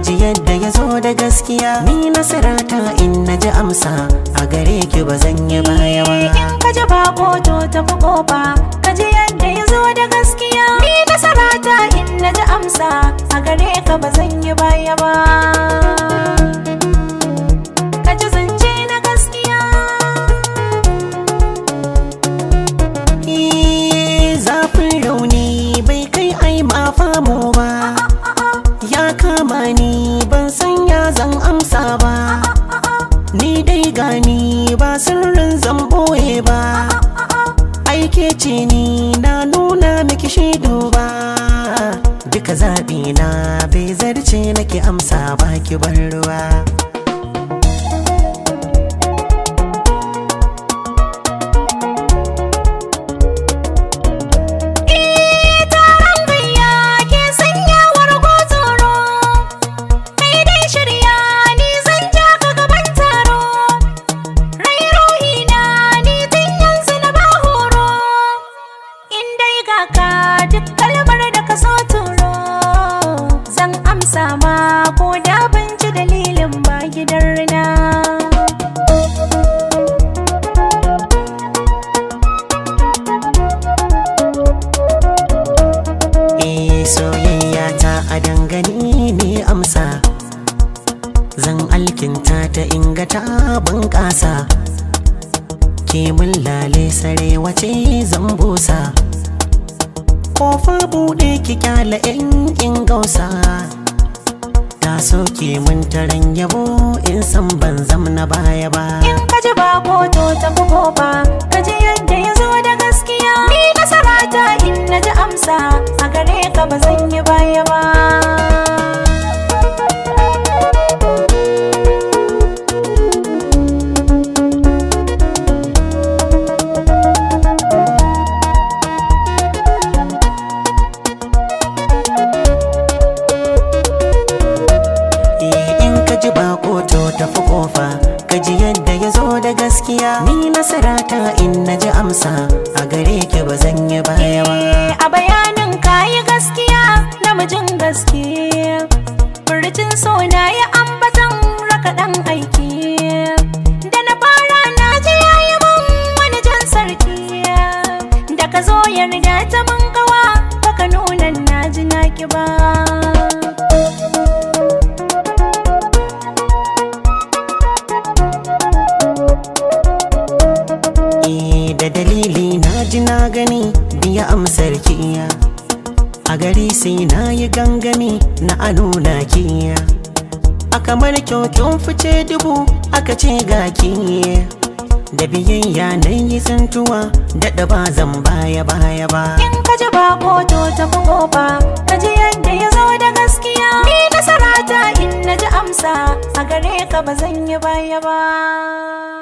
ji yadda ya zo da gaskiya ni ta in na ji amsa a gare ki ba zan yi baya ba eh, in ka ji bako to tafi kofa ka ji yadda ya zo da gaskiya ni ta in na ji amsa a gare ka ba zan yi baya ba eh, zafin rauni bai kai ma ba zamani ban san ya zan amsa ba ni dai gani ba sirrin zan boye ba aike ce ni na nuna miki shi sama ko da ban ci dalilin ba gidan Eh soyayya ta a dangane ne amsa zan alkinta ta inga ta bunƙasa ke mun lale sare wace zan busa kofar buɗe ki kyala in gausa ta soke mun taran yabo in san ban zam na baya ba in ka ji ba to ta ko ba ka ji yadda ya zo da gaskiya ni nasara ta in na ji amsa a gare ka ba zan yi baya ba nasara nasarata in na ji amsa a gare ki ba zan yi baya ba eh, a bayanin kayi gaskiya namijin gaskiya furcin na biya amsar kiya a gari sai na yi gangami na anuna kiya aka kamar kyaukyun fice dubu aka ce ga kiya da biyayya yanayi yi da daɗa ba zan baya baya ba in ka ji bako to tafi ba ka ji yadda ya zo da gaskiya ni nasara ta in na ji amsa a gare ka ba zan yi baya ba